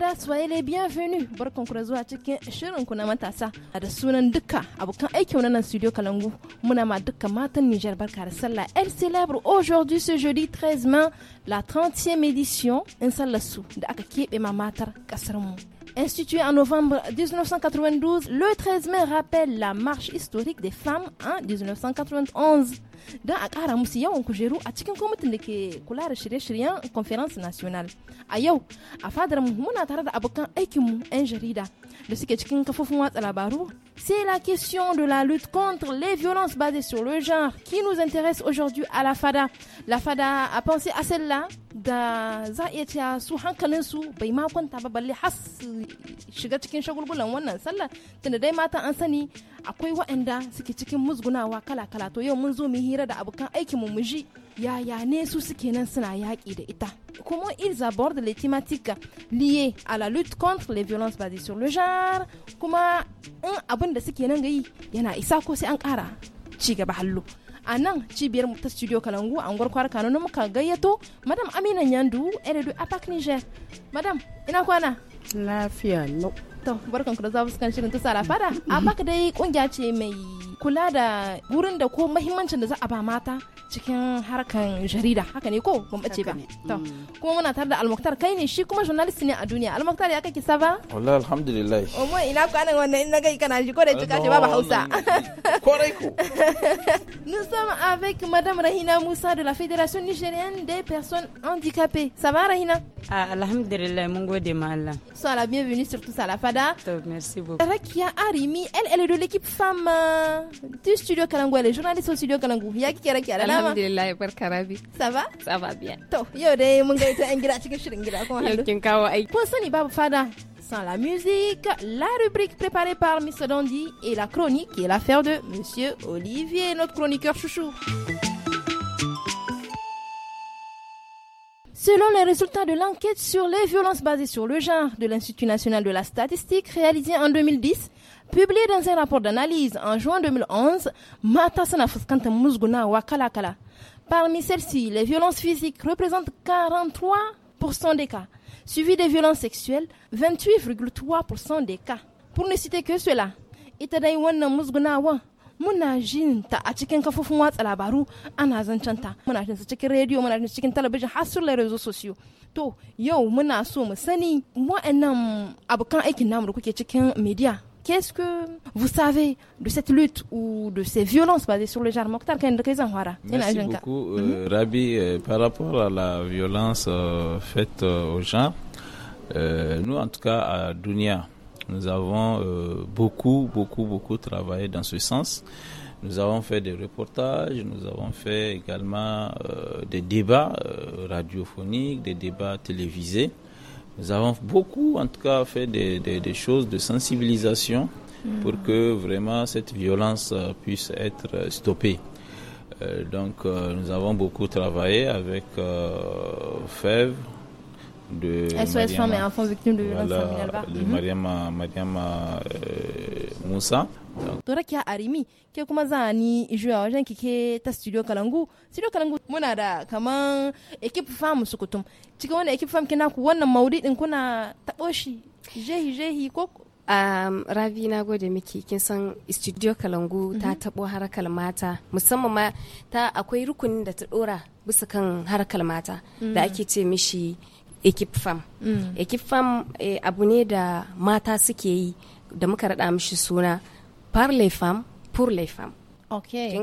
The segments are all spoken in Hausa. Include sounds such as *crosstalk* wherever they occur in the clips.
fada soyez les bienvenus barkan ku da zuwa cikin shirin ku na matasa da sunan duka abokan aiki dans nan studio Kalangu muna ma duka matan Niger barka da sallah elle célèbre aujourd'hui ce jeudi 13 mai la 30e édition in sallar su da aka ma matar kasar mu Institué en novembre 1992, le 13 mai rappelle la marche historique des femmes en 1991 don a ƙara musu yawan kujeru a cikin kwamitin da ke kula da shirye-shiryen conference national a yau a fadar mu muna tare da abokan mu 'yan jarida da suke cikin kafofin watsa labaru C'est la question de la lutte contre les violences basées sur le genre qui nous intéresse aujourd'hui à la FADA. La FADA a pensé à celle-là da za a iya cewa su hankalinsu bai ma kwanta ba balle har shiga cikin shagulgulan wannan sallar tunda dai mata an sani akwai waɗanda suke cikin musgunawa kala-kala to yau mun zo mu yi hira da abokan aikin mu ji yaya ne su suke nan suna yaƙi da ita comment ils abordent les thématiques liées à la lutte contre les violences basées sur le genre kuma in abin da suke nan ga yi yana isa ko sai an ƙara ci gaba hallo a nan cibiyar mu ta studio kalangu a unguwar kwara kano muka gayyato madam amina nyandu eredu apak niger madam ina kwana lafiya no to barkanku da zafi kan shirin tusa fara apak dai kungiya ce mai kula da wurin da ko mahimmancin da za a ba mata cikin harkan jarida haka ne ko ban bace ba mm. kuma muna tare da almuktar kai ne shi kuma journalist ne a duniya almuktar ya kake saba wallahi alhamdulillah omo oh, ina ku anan wannan in na gai kana ji ko da cika shi babu hausa *laughs* korai ko *laughs* nous sommes avec madame Rahina Moussa de la Fédération nigérienne des personnes handicapées ça va Rahina ah, alhamdulillah mun gode ma Allah sois la bienvenue surtout tout ça la fada to merci beaucoup Rakia Arimi elle elle est de l'équipe femme euh, du studio Kalangou elle est journaliste au studio Kalangou ya ki Rakia ça va ça va bien sans la musique, la rubrique préparée par Miss Dandy et la chronique qui est l'affaire de Monsieur Olivier, notre chroniqueur chouchou. Selon les résultats de l'enquête sur les violences basées sur le genre de l'Institut national de la statistique réalisée en 2010, Publié dans un rapport d'analyse en juin 2011, Mata Sanafuskanta Musguna Wakalakala. Parmi celles-ci, les violences physiques représentent 43% des cas, suivies des violences sexuelles, 28,3% des cas. Pour ne citer que cela, itadai wannan musgunawa muna jin ta a cikin kafofin watsa labaru ana zancen ta muna jin cikin rediyo muna jin cikin talabijin har sur les réseaux sociaux to yau muna so mu sani wa'annan abokan aikin namu da kuke cikin media qu'est-ce que vous savez de cette lutte ou de ces violences basées sur le genre Mokhtar Merci beaucoup, euh, mhm. euh, par rapport à la violence euh, faite aux gens, nous, en tout cas, à Dunia, nous avons beaucoup, beaucoup, beaucoup travaillé dans ce sens. Nous avons fait des reportages, nous avons fait également des débats radiophoniques, des débats télévisés. Nous avons beaucoup, en tout cas, fait des, choses de sensibilisation pour que vraiment cette violence euh, puisse être euh, stoppée. Euh, donc, nous avons beaucoup travaillé avec FEV, de SOS Femmes et Enfants Victimes de Violence De mhm. Mariama, musa tora rakiya arimi ke kuma za ni juya wajen ki ke ta studio kalangu studio kalangu muna da kaman equipe fam sukutum cikin wannan equipe fam kina ku wannan maudidin kuna tabo shi jehi jehi ko Um, rabi na gode miki kin san studio kalangu ta mhm. tabo harkar mata musamman ma ta akwai rukunin da ta dora bisa kan harkar mata mhm. da ake ce mishi ekip fam mhm. ekip fam eh, abu ne da mata suke yi da muka raɗa mishi suna par les femmes pour les femmes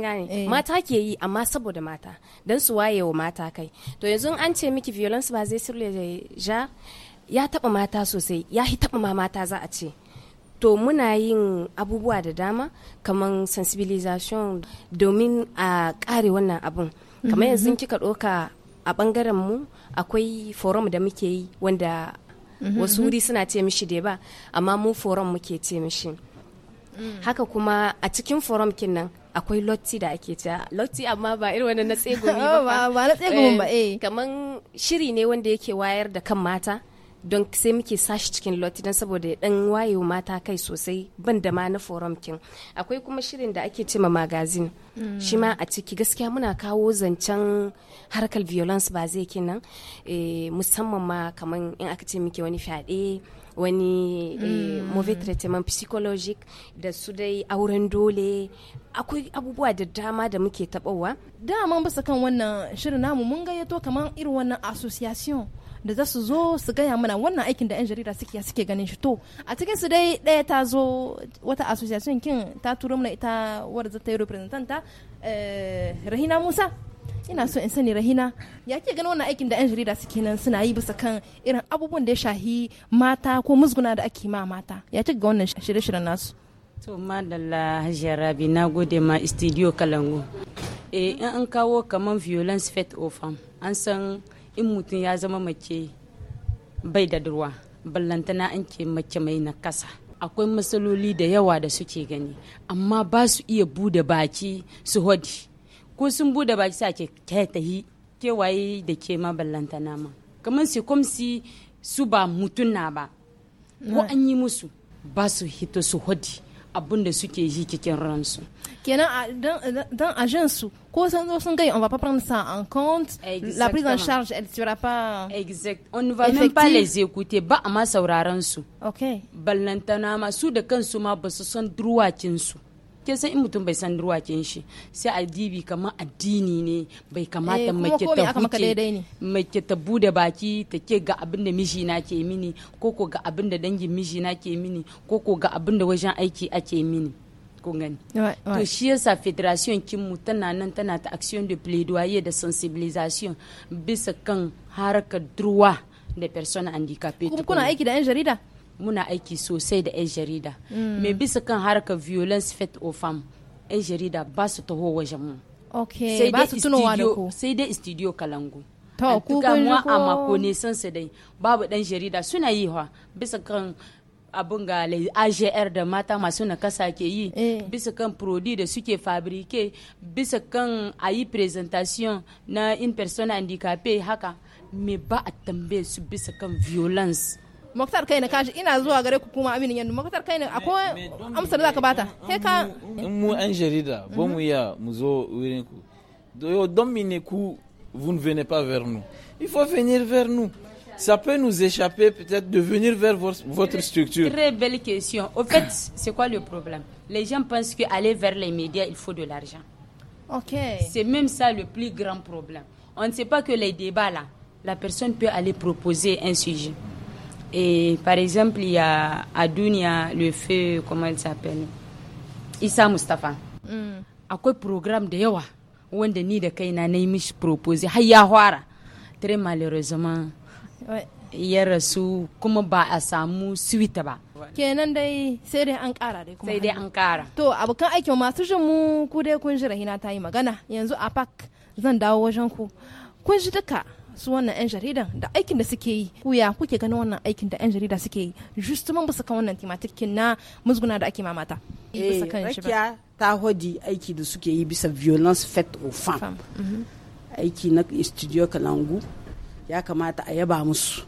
gane? Eh. Mata ke yi amma saboda mata don su waye wa mata kai. To yanzu an ce miki violence ba zai sirle ja ya taba mata sosai ya hi taba ma mata za a ce. To muna yin abubuwa da dama kamar sensibilization domin a kare wannan abun. Kamar mhm. yanzu kika ɗoka a ɓangaren mu akwai forum da muke yi wanda Mm-hmm, wasu mm-hmm. wuri suna ce mishi deba amma mu forum muke ce mishi mm. haka kuma a cikin forum kin nan akwai lotti da ake ta lotti amma ba irin wani na tsegumi *laughs* ba ba na tsegumi ba eh, eh kaman shiri ne wanda yake wayar da kan mata don sai muke sashi cikin lot don saboda dan wayewa mata kai sosai ban da ma na forum kin akwai kuma shirin da ake cema magazin mm. shi ma a ciki gaskiya muna kawo zancen harkar violence ba zai kinan eh, musamman ma kamar in aka ce muke wani fyaɗe wani eh, movie mm. treatment psychologic da su dai auren dole akwai abubuwa da dama da muke taɓawa dama bisa kan wannan shirin namu mun gayyato kamar irin wannan association da za su zo su gaya mana wannan aikin da 'yan jarida suke suke ganin shi to a cikin su dai ɗaya ta zo wata association kin ta turo mana ita wadda ta yi representanta eh, rahina musa ina so in sani rahina ya ke ganin wannan aikin da 'yan jarida suke nan suna yi bisa kan irin abubuwan da ya shahi mata ko musguna da ake ma mata ya ci ga wannan shirye-shiryen nasu to madalla hajiya rabi na gode ma studio kalangu eh in an kawo kamar violence fet of an san in mutum ya zama mace bai da durwa ballantana an ke mace mai nakasa akwai matsaloli da yawa da suke gani amma ba su iya bude baki su hodi ko sun bude baki sa ke tahi kewaye da ke ma ballantana ma kamar su komsi su ba mutum na ba ko an yi musu ba su hito su hodi abin da suke yi cikin ransu kenan don dans agence ko san zo sun gai on va pas prendre ça en compte la prise en charge elle sera pas exact on ne va même pas les écouter ba amma sauraron su okay ballantana ma su da kansu ma ba su san duwacin su ke san in mutum bai san ruwakin shi sai a dibi kamar addini ne bai kamata eh, mace ta huce mace ta bude baki ta ke ga abin da miji na ke mini ko ko ga abin da dangin miji na ke mini ko ko ga abin da wajen aiki ake mini ko gani to shi yasa federation kinmu tana nan tana ta action de plaidoyer da sensibilisation bisa kan harkar droit da personnes handicapées kuma kuna aiki da yan jarida muna aiki sosai da 'yan jarida mai mm. bisa kan harkar violence fet fam 'yan jarida ba su taho wajen mu okay. sai dai studio kalangu to ku mu a mako ne san su dai babu dan jarida suna yi ha bisa kan abun ga AGR da mata masu nakasa ke yi eh. bisa kan prodi da suke fabrike bisa kan a yi presentation na in persona handicapé haka me ba a tambaye su bisa kan violence vous ne venez pas vers nous il faut venir vers nous ça peut nous échapper peut-être de venir vers votre structure. Très belle question. Au fait, c'est quoi le problème Les gens pensent qu'aller vers les médias, il faut de l'argent. Ok. C'est même ça le plus grand problème. On ne sait pas que les débats là, la personne peut aller proposer un sujet. Et par exemple, il y a a duniya le feu, comment il s'appelle Issa Mustafa. Mm. Akwai program da yawa wanda ni da kaina na yi mishi propose har Très malheureusement. Ouais. ya rasu kuma ba a samu suite ba. kenan dai sai dai an kara dai kuma sai dai an kara to abokan aikin masu jin mu ku dai kun ji rahina ta yi magana yanzu a pak zan dawo wajen ku kun ji duka su wannan 'yan jaridan da aikin da suke yi ku ya kuke ganin wannan aikin da 'yan jarida suke yi justement bisa kan wannan tematikin na musguna da ake mamata eh, rakiya ta hodi aiki da suke yi bisa violence fact of farm. aiki na studio kalangu ya kamata a yaba musu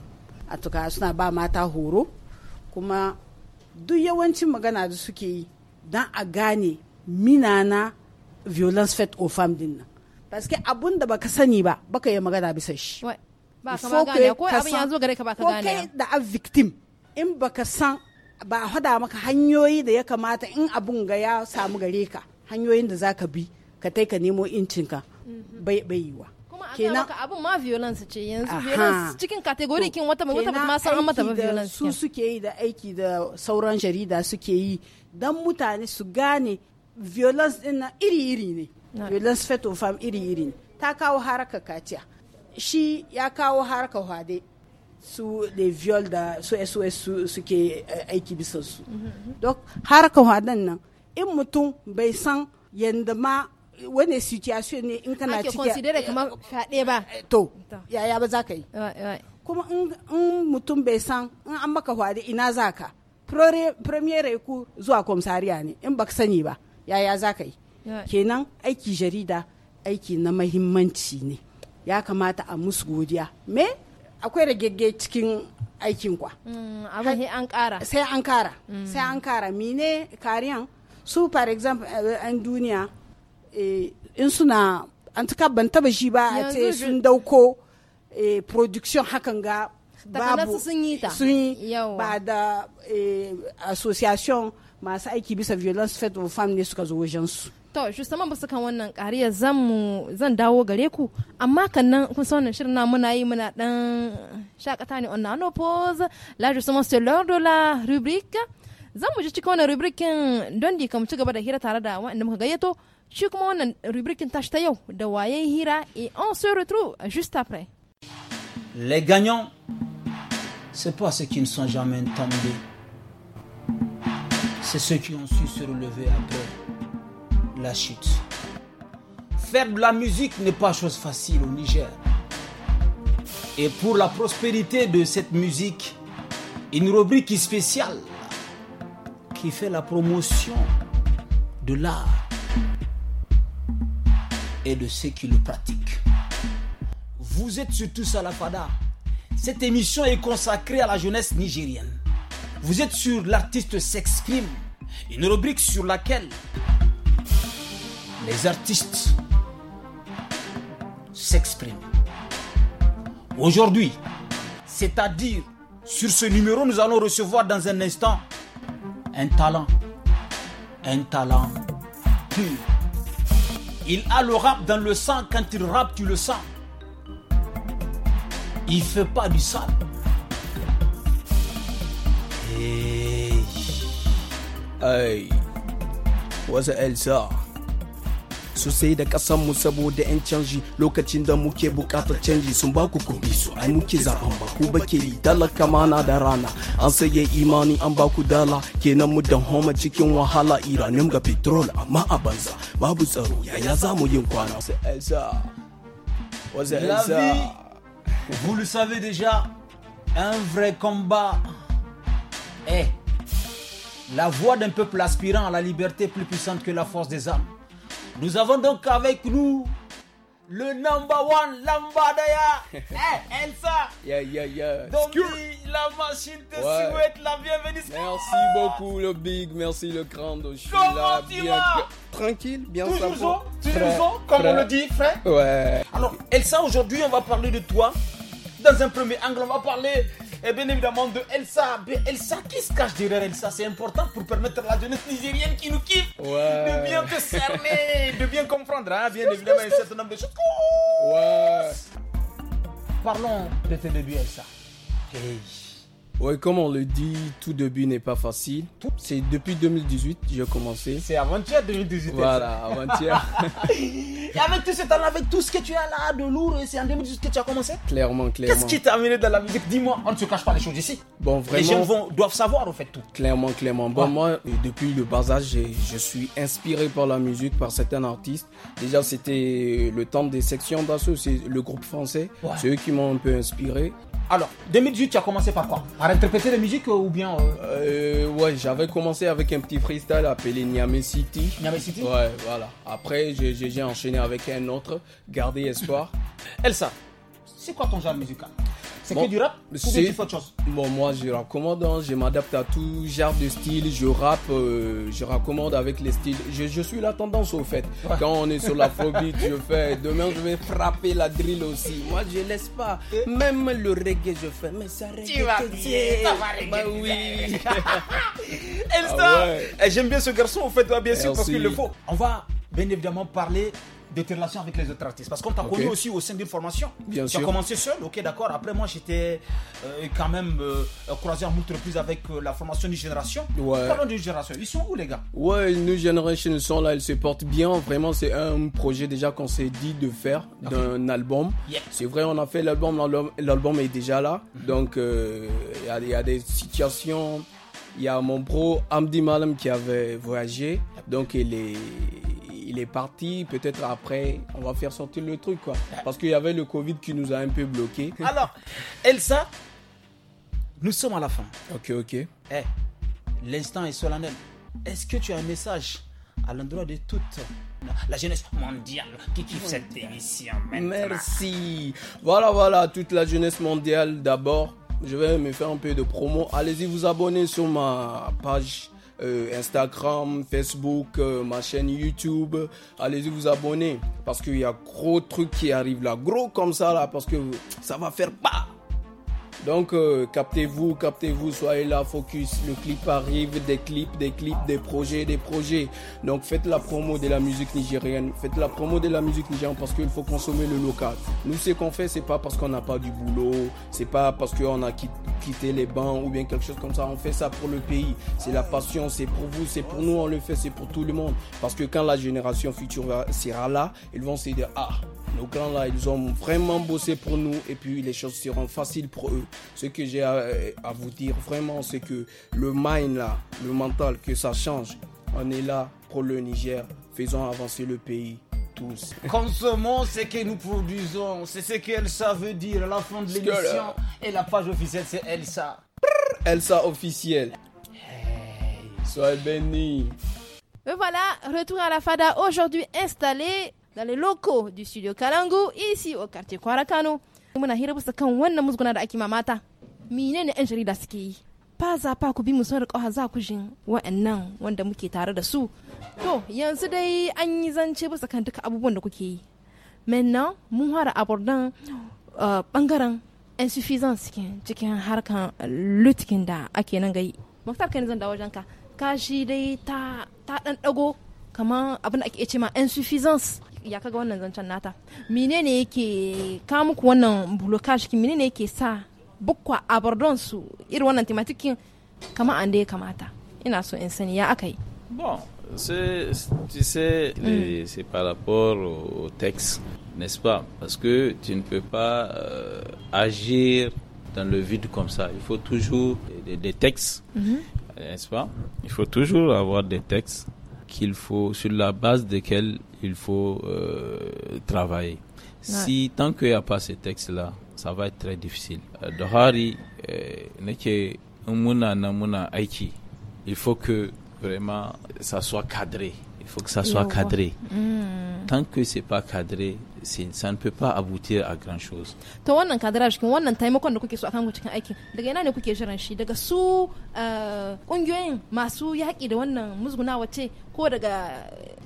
a tuka suna ba mata horo kuma duk yawancin magana da suke yi don a gane minana violence fact of farm din paske abun da baka sani ba baka yi magana bisa shi ba ma gane ko abin yanzu gare ka baka gane ko kai da a victim in baka san ba hada maka hanyoyi da ya kamata in abun ga ya samu gare ka hanyoyin da zaka bi ka tai ka nemo incinka mhm. bai yiwa kenan abin ma violence ce yanzu violence cikin category kin wata mai wata ma san mata ba violence su suke yi da aiki da sauran jarida suke yi dan mutane su gane violence din iri-iri ne violence fet of farm iri-iri ta kawo haraka katia. shi ya kawo haraka hwade su da viol da su sos suke eh, aiki bisa su mhm, mhm. dok haraka hwaden nan in mutum bai san yadda ma wane situation ne in kana cikin ake consider kamar fyaɗe ba to yaya ba za ka yi kuma in mutum bai san in an maka hwade ina za ka premier ku zuwa komsariya ne in baka sani ba yaya za ka yi kenan aiki jarida aiki na mahimmanci ne ya kamata a musu godiya me akwai ragegge cikin aikin kwa mm, sai an kara mm. sai an kara mine kariyan su for example eh, an duniya eh, in suna an ta ban taba shi ba a ce sun dauko eh, production hakan ga babu sun yi ta sun yi ba da association masu aiki bisa violence fed of ne suka zo wajen su To, justement ba su kan wannan kariya zan mu zan dawo gare ku, amma kan nan kun san wannan shirin na muna yi muna dan shakata ne on nano pause, la justement c'est l'heure de la rubrique. Zan mu ji cikin wannan rubrikin don di mu ci gaba da hira tare da wanda muka gayyato, shi kuma wannan rubrikin tashi ta yau da waye hira et on se retrouve juste après. Les gagnants, c'est pas ceux qui ne sont jamais tombés. C'est ceux qui ont su se relever après la chute. Faire de la musique n'est pas chose facile au Niger. Et pour la prospérité de cette musique, une rubrique spéciale qui fait la promotion de l'art et de ceux qui le pratiquent. Vous êtes sur Tous à la Fada. Cette émission est consacrée à la jeunesse nigérienne. Vous êtes sur L'artiste s'exprime, une rubrique sur laquelle les artistes s'expriment. Aujourd'hui, c'est-à-dire sur ce numéro, nous allons recevoir dans un instant un talent. Un talent pur. Il a le rap dans le sang. Quand il rappe, tu le sens. Il fait pas du sale. Hey. Hey. What's the sosai da kasan mu saboda yan canji lokacin da muke bukatar canji sun ba ku kuɗi su ai muke zaben ba ku yi da rana an imani an ba ku dala kenan mu dan homa cikin wahala iranin ga petrol amma a banza babu tsaro yaya za yin kwana La vie, vous le savez déjà, un vrai combat est eh, la voix d'un peuple aspirant à la liberté plus puissante que la force des armes. Nous avons donc avec nous le number one Lambadaya. *laughs* Eh, Elsa. Yeah, yeah, yeah. Donc, la machine te souhaite la bienvenue. Merci beaucoup, le big. Merci, le grand. Je suis Comment tu bien... vas Tranquille, bien Toujours Toujours toujours comme on le dit, frère. Ouais. Alors, Elsa, aujourd'hui, on va parler de toi. Dans un premier angle, on va parler et bien évidemment de Elsa. Mais Elsa, qui se cache derrière Elsa C'est important pour permettre à la jeunesse nigérienne qui nous kiffe de bien te cerner, de bien comprendre, hein, bien évidemment, un certain nombre de choses. Ouais. Parlons de tes débuts, Elsa. Okay. Oui, comme on le dit, tout début n'est pas facile. C'est depuis 2018 que j'ai commencé. C'est avant-hier 2018. Voilà, avant-hier. *laughs* et avec tout ce temps, avec tout ce que tu as là de lourd, c'est en 2018 que tu as commencé Clairement, clairement. Qu'est-ce qui t'a amené dans la musique Dis-moi, on ne se cache pas les choses ici. Bon, vraiment. Les gens doivent savoir, en fait, tout. Clairement, clairement. Bon, moi, euh, depuis le bas âge, je suis inspiré par la musique, par certains artistes. Déjà, c'était le temps des sections d'assaut, c'est le groupe français. ceux qui m'ont un peu inspiré. Alors, 2018, tu as commencé par quoi Par interpréter les musiques euh, ou bien euh? euh... Ouais, j'avais commencé avec un petit freestyle appelé Niamey City. Niamey City Ouais, voilà. Après, j'ai enchaîné avec un autre, Garder Espoir. *laughs* Elsa, c'est quoi ton genre musical c'est que du rap tu autre chose Bon, moi, je recommande, hein. je m'adapte à tout genre de style. Je rappe, euh, je recommande avec les styles. Je, suis la tendance au fait. Quand on est sur la phobie, je fais. Demain, je vais frapper la drill aussi. Moi, je laisse pas. Même le reggae, je fais. Mais ça reggae. Tu vas bien, bah oui. *laughs* ah eh, J'aime bien ce garçon, au fait, bien sûr, parce qu'il le faut. On va bien évidemment parler de tes relations avec les autres artistes Parce qu'on t'a connu aussi au sein d'une formation. Bien tu as commencé seul, ok, d'accord. Après, moi, j'étais euh, quand même euh, croisé en multiples plus avec euh, la formation du génération. Ouais. Parlons du génération. Ils sont où, les gars Ouais, New Generation sont là, ils se portent bien. Vraiment, c'est un projet déjà qu'on s'est dit de faire d'un album. C'est vrai, on a fait l'album, l'album est déjà là. Mhm. Donc, il y, a des situations il y a mon bro Amdi Malam qui avait voyagé, donc il est, il est parti. Peut-être après, on va faire sortir le truc, quoi. Parce qu'il y avait le Covid qui nous a un peu bloqué. *laughs* Alors, Elsa, nous sommes à la fin. Ok, ok. Eh, l'instant est solennel. Est-ce que tu as un message à l'endroit de toute la jeunesse mondiale qui kiffe cette émission Merci. Voilà, voilà, toute la jeunesse mondiale d'abord. Je vais me faire un peu de promo. Allez-y vous abonner sur ma page euh, Instagram, Facebook, euh, ma chaîne YouTube. Allez-y vous abonner parce qu'il y a gros trucs qui arrivent là, gros comme ça là, parce que ça va faire pas. Donc, euh, captez-vous, captez-vous, soyez là, focus. Le clip arrive, des clips, des clips, des projets, des projets. Donc, faites la promo de la musique nigérienne. Faites la promo de la musique nigérienne parce qu'il faut consommer le local. Nous, ce qu'on fait, c'est pas parce qu'on n'a pas du boulot, c'est pas parce qu'on a quitté les bancs ou bien quelque chose comme ça. On fait ça pour le pays. C'est la passion, c'est pour vous, c'est pour nous, on le fait, c'est pour tout le monde. Parce que quand la génération future sera là, ils vont se dire, ah, nos grands là, ils ont vraiment bossé pour nous et puis les choses seront faciles pour eux. Ce que j'ai à, vous dire vraiment, c'est que le mind là, le mental, que ça change. On est là pour le Niger. Faisons avancer le pays. Tous. Consommons ce que nous produisons. C'est ce qu'Elsa veut dire à la fin de l'émission. Euh, et la page officielle, c'est Elsa. Elsa officielle. Sois béni. Et voilà, retour à la FADA aujourd'hui installé dans les locaux studio Kalangu ici au quartier Kwarakano. Muna hira busa kan wannan musguna da ake mamata. mata. Menene 'yan jarida suke yi? Ba za fa ku bi mu sun riƙa za ku jin wa'annan wanda muke tare da su. To yanzu dai an yi zance busa kan duka abubuwan da kuke yi. Manna mun hara abordan bangaren uh, insuffisance cikin harkan lutkin da ake nan gai. Muktar kai zan dawo ka. Kashi dai ta ta dan dago kamar abin da ake ce ma insuffisance ya kaga wannan zancen nata menene yake ka muku wannan blocage ki menene yake sa bukwa a bardon su irin wannan tematikin kama an dai kamata ina so in sani ya akai bon c'est tu sais mm. c'est par rapport au, au texte n'est-ce pas parce que tu ne peux pas euh, agir dans le vide comme ça il faut toujours des, des textes mm -hmm. n'est-ce pas il faut toujours avoir des textes qu'il faut, sur la base desquelles il faut euh, travailler. Si tant qu'il n'y a pas ces textes-là, ça va être très difficile. Euh, euh, il faut que vraiment ça soit cadré. Il faut que ça soit cadré. Mm. Tant que c'est pas cadré, ça ne peut pas aboutir à grand chose. To wannan kadraj kin wannan taimakon da kuke so akan cikin aikin daga ina ne kuke jiran shi daga su kungiyoyin eh, masu yaƙi da wannan musgunawa ce ko daga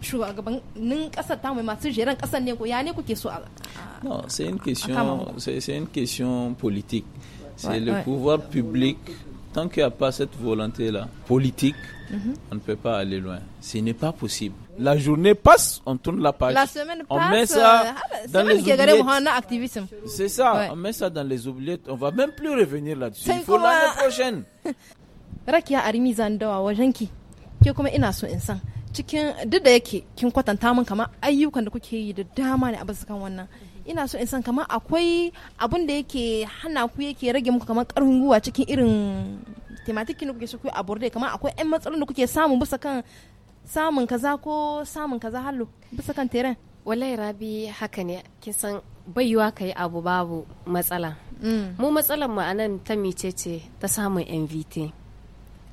shugabannin ƙasar ta mai masu jeran ƙasar ne ko ya ne kuke so a Non, c'est une c'est une question politique. C'est le pouvoir public Tant qu'il n'y a pas cette volonté-là politique, mhm. on ne peut pas aller loin. Ce n'est pas possible. La journée passe, on tourne la page. La semaine passe, on Met ça euh, ah bah, dans les oubliettes. C'est ça, on met ça dans les oubliettes. On ne va même plus revenir là-dessus. Il faut l'année prochaine. *laughs* Rakiya Arimi Zandawa wajenki, ke kuma ina so in san cikin duk da yake kin kwatanta mun kamar ayyukan da kuke yi da dama ne a basu kan wannan. ina so in san kamar akwai abun da yake hana ku yake rage muku kamar karfin gwiwa cikin irin tematikin da kuke so ku borde kamar akwai yan matsalolin da kuke samu bisa kan samun kaza ko samun kaza hallo bisa kan teren wallahi rabi haka ne kin san baiwa ka abu babu matsala mm. mu matsalar mu anan ta mice ce ta samun mvt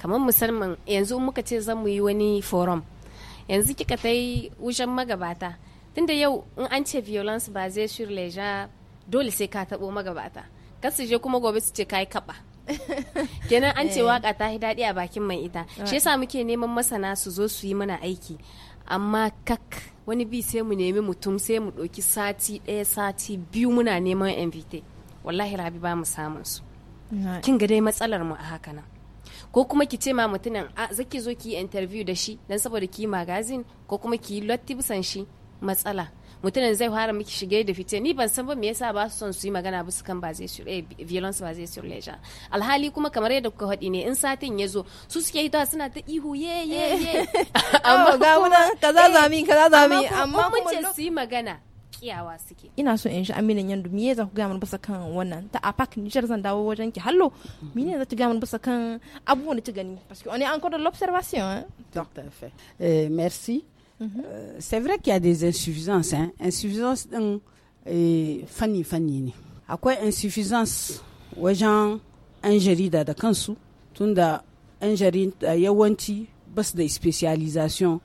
kamar musamman yanzu muka ce zan mu yi wani forum yanzu kika ta yi wujen magabata tunda yau in an ce violence ba zai sur leja dole sai ka taɓo magabata kar su je kuma gobe su ce kai kaba *laughs* kenan an ce eh. waka ta daɗi a bakin mai ita shi yasa muke neman masana su zo su yi mana aiki amma kak wani bi sai mu nemi mutum sai mu ɗauki sati ɗaya sati biyu muna neman mvt wallahi rabi ba mu samun su kin ga dai matsalar mu a haka nan ko kuma ki ce ma mutumin a zaki zo ki yi interview da shi dan saboda ki magazine ko kuma ki yi lotti shi matsala mutumin zai fara miki shige da fice ni ban san ba me yasa ba su son su yi magana ba su kan ba zai sur eh violence ba zai sur leja alhali kuma kamar yadda kuka faɗi ne in satin ya zo su suke hitowa suna ta ihu ye ye ye *laughs* *laughs* amma ga wannan kaza zami eh, kaza zami amma kuma mun ce su yi magana kiyawa suke ina so in shi aminin yandu me za ku ga mun bisa kan wannan ta a park Niger zan dawo wajen ki hallo me ne za ta ga mun bisa kan abubuwan da ta gani parce que on est encore de l'observation hein tout à fait eh merci Mm-hmm. Euh, c'est vrai qu'il y a des insuffisances. Hein. Insuffisance ɗin eh, fanni-fanni ne. Akwai insuffisance wajen 'yan jarida da kansu, tunda 'yan jarida yawanci ba da specialization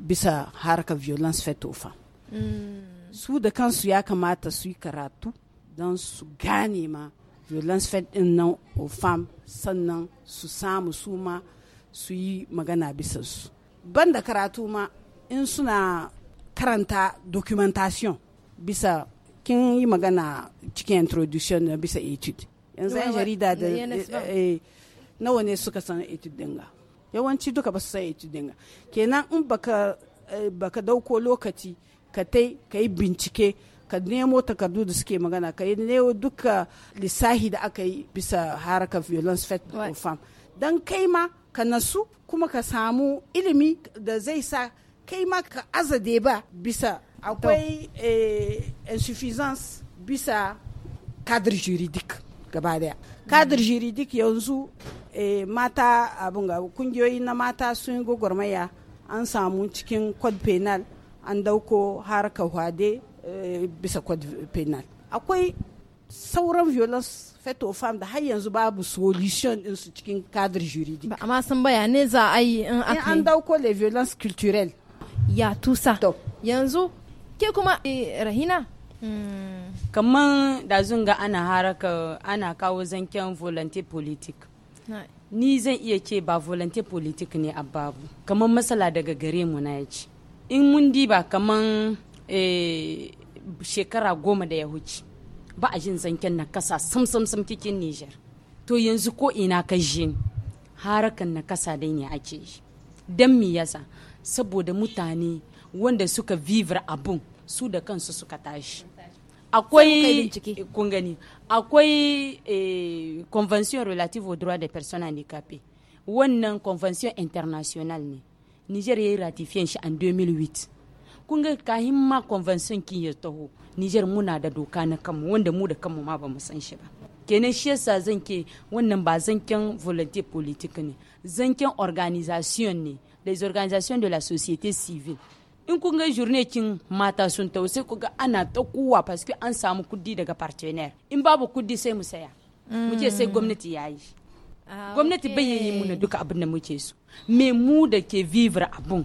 bisa harkar violence faite aux Su mm. da kansu ya kamata suyi karatu don su gane ma violence faite un nom aux sannan su samu suma suyi su yi magana bisa su. Ban da karatu ma in suna karanta documentation bisa kin yi magana cikin introduction na bisa etude yanzu yan jarida da e eh, eh, nawa ne suka san etude dinga yawanci duka ba su san etude dinga kenan in baka eh, baka dauko lokaci ka tai ka yi bincike ka nemo takardu da suke magana ka yi nemo duka lissahi da aka yi bisa harakar violence fet farm don kai ma ka nasu kuma ka samu ilimi da zai sa kai ma ka azade ba bisa akwai eh, insuffisance bisa kadir juridik gaba daya kadir juridik yanzu eh, mata abin ga kungiyoyi na mata sun gwagwarmaya an samu cikin code penal an dauko harka wade eh, bisa code penal akwai sauran violence fait aux da har yanzu babu solution su cikin kadir juridique ba amma sun ne za a yi in aka an dauko le violence culturelles. ya tusa yanzu ke kuma e, rahina hmm. kaman da zunga ana haraka ana kawo zanken volonté politique ni zan iya ce ba volonté politique ne a babu kaman masala daga gare mu na yaci in mun diba kaman e, shekara goma da ya huce ba a jin zanken na kasa sam sam sam kikin Niger to yanzu ko ina ka je harakan na kasa dai ne ake yi dan mi yasa saboda mutane wanda suka vivir abun su da kansu suka tashi akwai kun gani akwai eh, convention relative au droit des personnes handicapées wannan convention international ne nijar ya yi ratifiyan shi en 2008 kun ga kahin ma convention kin ya taho Niger muna da doka na kanmu wanda mu da kanmu ma ba mu san shi ba kenan shi yasa zan ke wannan ba zanken volonté politique ne zanken organisation ne les organisations de la société civile in kun ga journée kin mata sun taho sai kuga ana ta kuwa parce que an samu kudi daga partenaire in babu kudi sai mu saya mu ce sai gwamnati yayi ah, gwamnati bai yi muna duka abin da muke so me mu da ke vivre abun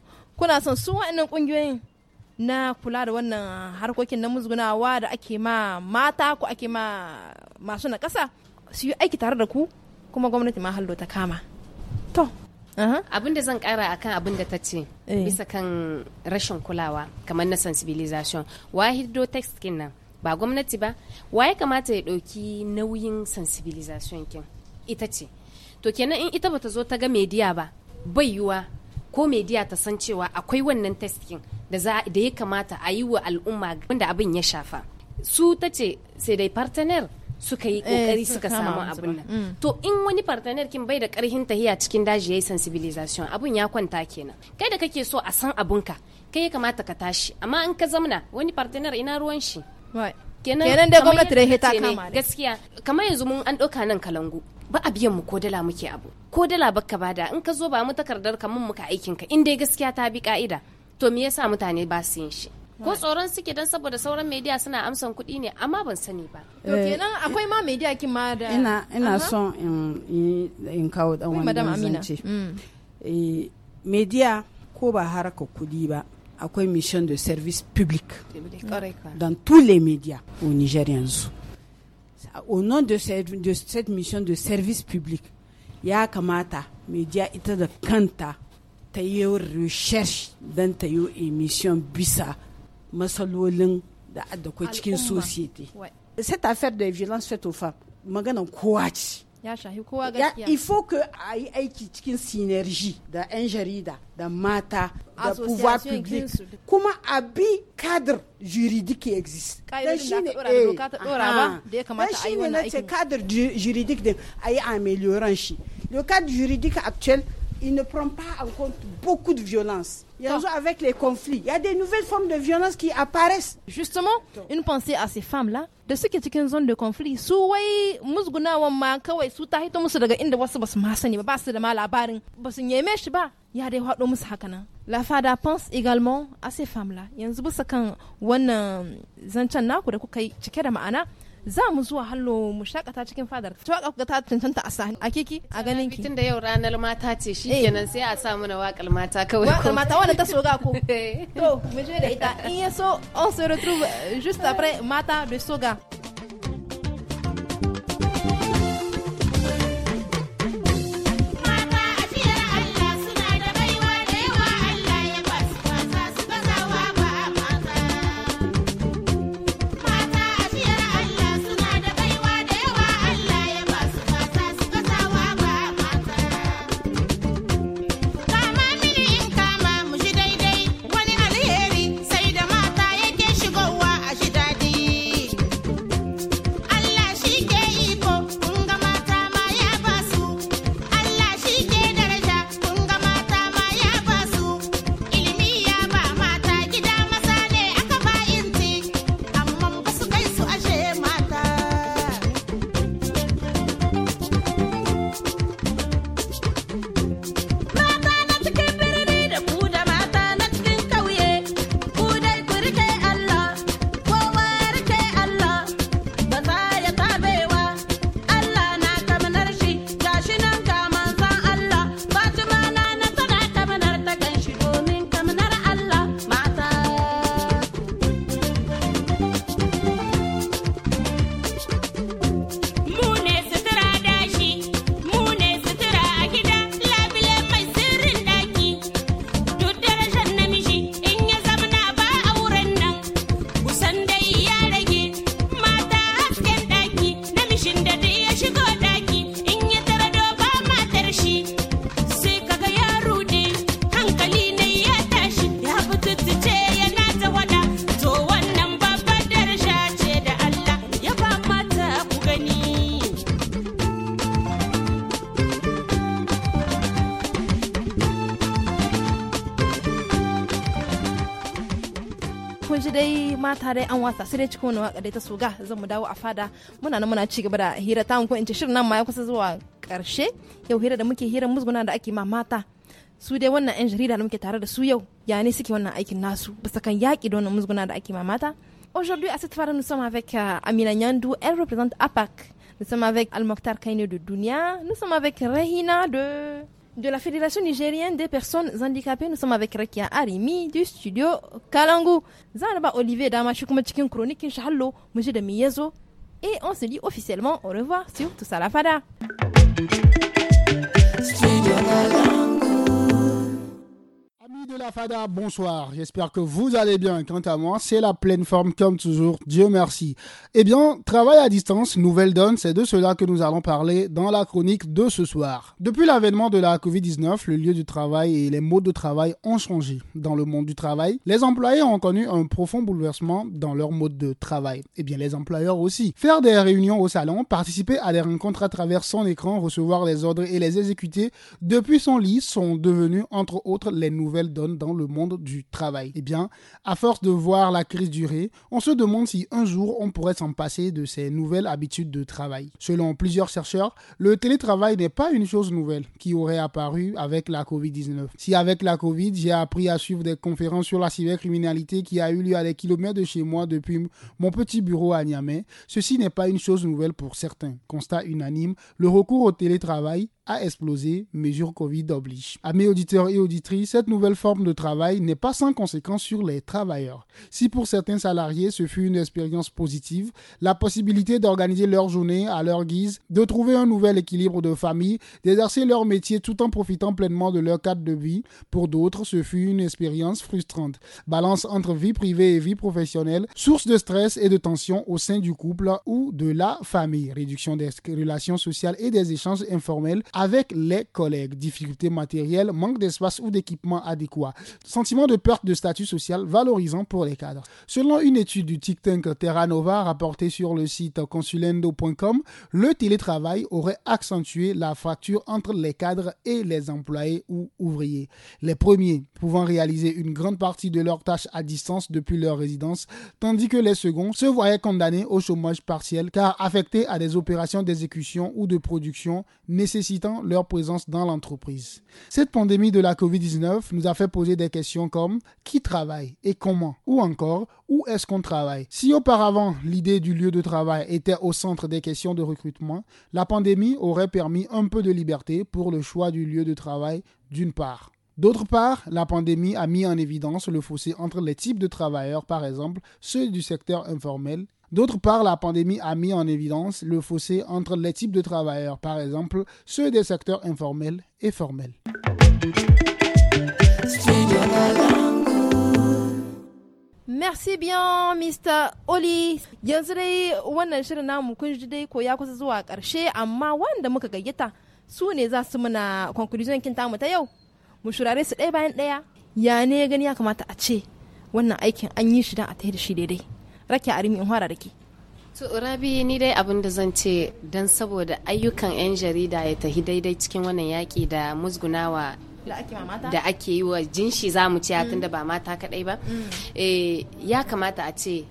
kuna son su wa'annan kungiyoyin na kula da wannan harkokin na musgunawa da ake ma mata ko ake ma masu na kasa su yi aiki tare da ku kuma gwamnati ma hallo ta kama to abin da zan kara akan abin da ta ce eh. bisa kan rashin kulawa kamar na sensibilization wahido text kin nan ba gwamnati ba wa ya kamata ya ɗauki nauyin sensibilization kin ita ce to kenan in ita bata zo ta ga media ba bai yiwa ko media ta san cewa akwai wannan testing da ya kamata a yi wa al'umma wanda abin ya shafa su ta ce sai dai partner suka yi kokari eh, suka samu abin nan mm. to in wani partner kin bai da karhin tahiya cikin daji yayi sensibilization abun ya kwanta kenan kai da kake so a san abunka kai ya kamata ka tashi amma in ka zamna wani partner ina ruwan shi kenan dai gwamnati dai ta kama gaskiya kamar yanzu mun an ɗauka nan kalangu ba a biyan mu ko dala muke abu ko dala baka bada in ka zo ba mu takardar ka mun muka aikin ka in dai gaskiya ta bi ka'ida to me yasa mutane ba su yin shi ko tsoron suke don saboda sauran media suna amsan kuɗi ne amma ban sani ba to eh. kenan akwai ma media kin ma da ina ina son in in kawo dan wannan zance mm. eh, media ko ba haraka kuɗi ba a une mission de service public dans tous les médias au Nigerien. Au nom de cette, de cette mission de service public, il ya kamata media ita da kanta ta yi recherche d'un ta yi bissa bisa de da Société. cikin Cette affaire de violence faite aux femmes, je kowa ce il faut que y ait une synergie synergy da yan jarida da mata da pouvoir public Comment a le cadre juridique qui existe? shine Chine, eh, ah, ah. dan shine cadre juridique din amélioré le cadre juridique actuel il ne prend pas en compte beaucoup de violence. Il y a avec les conflits, il y a des nouvelles formes de violence qui apparaissent. Justement, une pensée à ces femmes-là, de ceux qui sont dans une zone de conflit, suway wai musgunawa ma kawai su ta hito musu daga inda wasu basu ma sani ba basu da ma labarin basu neme shi ba ya dai hado musu haka nan. La Fada pense également à ces femmes-là. Yanzu bisa kan wannan na naku da kuka yi cike da ma'ana za mu zuwa hallo mu shakata cikin fadar ta waka ta cancanta a sahani a kiki a ganin ki tunda yau ranar mata ce shikenan eh. sai a sa mana wakal mata kawai wakal mata wanda ta soga ko *laughs* eh. to mu je da ita in ya so on se retrouve eh, juste après mata de soga kun ji dai mata dai an wasa sai dai cikin wani waka dai ta soga zan mu dawo a fada muna nan muna ci gaba da hira ta ko in ce shirin nan ma ya kusa zuwa karshe yau hira da muke hira musguna da ake ma mata su dai wannan yan jarida da muke tare da su yau ya ne suke wannan aikin nasu bisa kan yaƙi da wannan musguna da ake ma mata Aujourd'hui, à cette fois, nous sommes avec euh, Amina Nyandou. Elle représente APAC. Nous sommes avec Al-Mokhtar Kaine de Dunia. Nous sommes avec Rehina de de la Fédération nigérienne des personnes handicapées. Nous sommes avec Rakia Arimi du studio Kalangu. Zalba Olivier avec Olivier chronique inshallah de de et on se dit officiellement au revoir sur tout ça la fada. Amis de la FADA, bonsoir. J'espère que vous allez bien. Quant à moi, c'est la pleine forme comme toujours. Dieu merci. Eh bien, travail à distance, nouvelle donne, c'est de cela que nous allons parler dans la chronique de ce soir. Depuis l'avènement de la Covid-19, le lieu du travail et les modes de travail ont changé. Dans le monde du travail, les employés ont connu un profond bouleversement dans leur mode de travail. Eh bien, les employeurs aussi. Faire des réunions au salon, participer à des rencontres à travers son écran, recevoir les ordres et les exécuter depuis son lit sont devenus, entre autres, les nouvelles donne dans le monde du travail et eh bien, à force de voir la crise durer, on se demande si un jour on pourrait s'en passer de ces nouvelles habitudes de travail. Selon plusieurs chercheurs, le télétravail n'est pas une chose nouvelle qui aurait apparu avec la Covid-19. Si avec la Covid, j'ai appris à suivre des conférences sur la cybercriminalité qui a eu lieu à des kilomètres de chez moi depuis mon petit bureau à Niamey, ceci n'est pas une chose nouvelle pour certains. Constat unanime, le recours au télétravail a explosé, mesure Covid oblige. mes auditeurs et auditrices, cette nouvelle nouvelle forme de travail n'est pas sans conséquence sur les travailleurs. Si pour certains salariés ce fut une expérience positive, la possibilité d'organiser leur journée à leur guise, de trouver un nouvel équilibre de famille, d'exercer leur métier tout en profitant pleinement de leur cadre de vie, pour d'autres ce fut une expérience frustrante. Balance entre vie privée et vie professionnelle, source de stress et de tension au sein du couple ou de la famille, réduction des relations sociales et des échanges informels avec les collègues, difficultés matérielles, manque d'espace ou d'équipement à adéquat. Sentiment de perte de statut social valorisant pour les cadres. Selon une étude du TikTok Terra Nova rapportée sur le site consulendo.com, le télétravail aurait accentué la fracture entre les cadres et les employés ou ouvriers. Les premiers pouvant réaliser une grande partie de leurs tâches à distance depuis leur résidence, tandis que les seconds se voyaient condamnés au chômage partiel car affectés à des opérations d'exécution ou de production nécessitant leur présence dans l'entreprise. Cette pandémie de la COVID-19 nous a fait poser des questions comme qui travaille et comment ou encore où est-ce qu'on travaille. Si auparavant l'idée du lieu de travail était au centre des questions de recrutement, la pandémie aurait permis un peu de liberté pour le choix du lieu de travail d'une part. D'autre part, la pandémie a mis en évidence le fossé entre les types de travailleurs, par exemple ceux du secteur informel D'autre part, la pandémie a mis en évidence le fossé entre les types de travailleurs, par exemple ceux des secteurs informels et formels. merci bien Mr. Oli. Yanzu dai wannan shirin namu kun ji dai ko ya kusa zuwa ƙarshe amma wanda muka gayyata su ne za su muna conclusion kin tamu ta yau. Mu shurare su ɗaya bayan ɗaya. Ya ne ya gani ya kamata a ce wannan aikin an yi shi dan a tayar da shi daidai. Rake arimi in fara rake. To Rabi ni dai abin da zan ce don saboda ayyukan 'yan jarida ya tahi daidai cikin wannan yaƙi da musgunawa da ake yi wa jinshi za mu ce mm. tunda ba mata kadai ba mm. eh, ya kamata a ce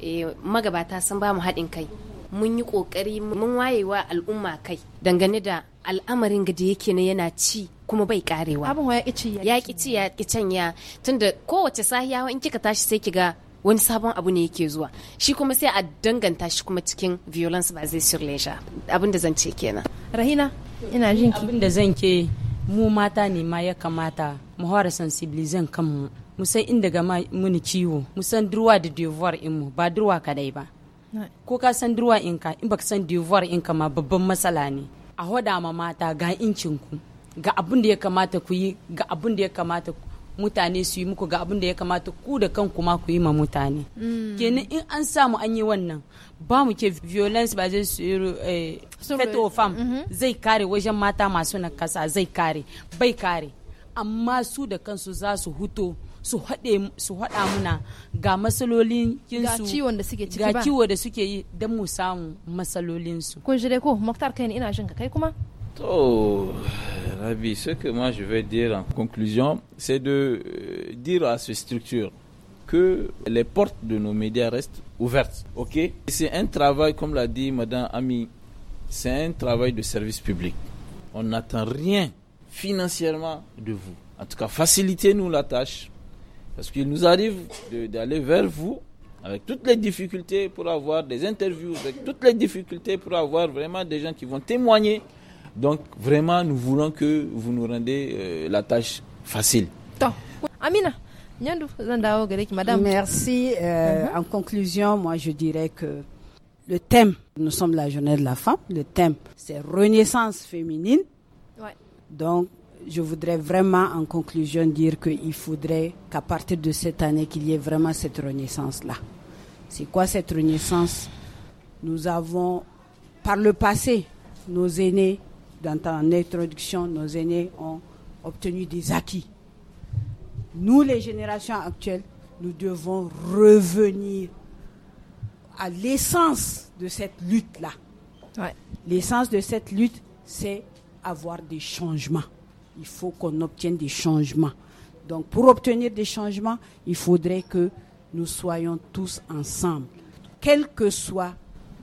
eh, magabata sun ba mu haɗin kai mun yi ƙoƙari mun wayewa al'umma kai dangane da al'amarin da yake na yana ci kuma bai karewa abin ya ci ya ci ya tunda kowace sahiya in kika tashi sai kiga wani sabon abu ne yake zuwa shi kuma sai a danganta shi kuma cikin violence ba zai sur leisure abin da zan ce kenan rahina ina jin ki abin da zan ke mu mata ne ma ya kamata mu fara sensibilizan kanmu mu san inda ga muni ciwo mu san durwa da devoir in mu ba durwa kadai ba ko ka san durwa in ka in baka san devoir in ka ma babban matsala ne a hoda ma mata ga incin ku ga abin da ya kamata ku yi ga abin da ya kamata ku. mutane su yi muku ga abin da ya kamata ku da kanku ma ku yi ma mutane mm. kenan in an samu an yi wannan ba mu ke violence ba zai eh, feto fam mm-hmm. zai kare wajen mata masu nakasa zai kare bai kare amma su da kansu za su huto su haɗa muna ga matsalolin ga ciwon da suke ciki ba ga ciwo da suke yi don mu samu matsalolinsu kun shi dai ko muktar kai ina jin ka kai kuma Oh, Ravi, ce que moi je vais dire en conclusion, c'est de euh, dire à ces structures que les portes de nos médias restent ouvertes. Ok C'est un travail, comme l'a dit Madame Ami, c'est un travail de service public. On n'attend rien financièrement de vous. En tout cas, facilitez-nous la tâche. Parce qu'il nous arrive d'aller vers vous avec toutes les difficultés pour avoir des interviews, avec toutes les difficultés pour avoir vraiment des gens qui vont témoigner donc vraiment, nous voulons que vous nous rendez euh, la tâche facile. Amina. Merci. Euh, mhm. En conclusion, moi je dirais que le thème, nous sommes la journée de la femme, le thème c'est renaissance féminine. Donc je voudrais vraiment en conclusion dire qu'il faudrait qu'à partir de cette année qu'il y ait vraiment cette renaissance-là. C'est quoi cette renaissance Nous avons par le passé nos aînés dans ton introduction, nos aînés ont obtenu des acquis. Nous, les générations actuelles, nous devons revenir à l'essence de cette lutte-là. L'essence de cette lutte, c'est avoir des changements. Il faut qu'on obtienne des changements. Donc pour obtenir des changements, il faudrait que nous soyons tous ensemble. Quels que soient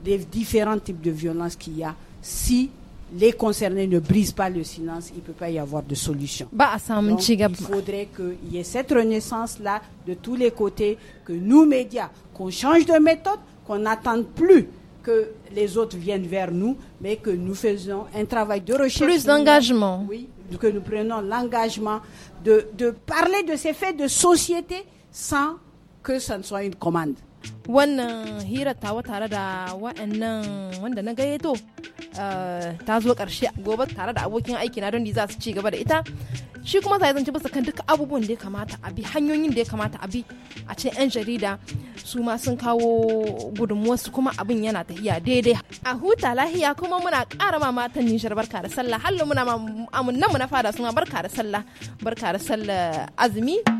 les différents types de violences qu'il y a, si les concernés ne brisent pas le silence, il ne peut pas y avoir de solution. il faudrait qu'il y ait cette renaissance-là de tous les côtés, que nous, médias, qu'on change de méthode, qu'on n'attende plus que les autres viennent vers nous, mais que nous faisons un travail de recherche. Plus d'engagement. Oui, que nous prenons l'engagement de, de parler de ces faits de société sans que ça ne soit une commande. wannan hirar tawa tare da wa'annan wanda na gayyato eh, ta zo ƙarshe gobe tare da abokin aiki na don za su ci gaba da ita shi kuma za zai zance bisa kan duka abubuwan da ya kamata a bi hanyoyin da ya kamata a bi a ce 'yan jarida su ma sun kawo gudunmuwarsu kuma abin yana tafiya daidai a huta lahiya kuma muna ƙara ma matan nishar barka da sallah hallo muna amunan mu na fada suna barka da sallah barka da sallah azumi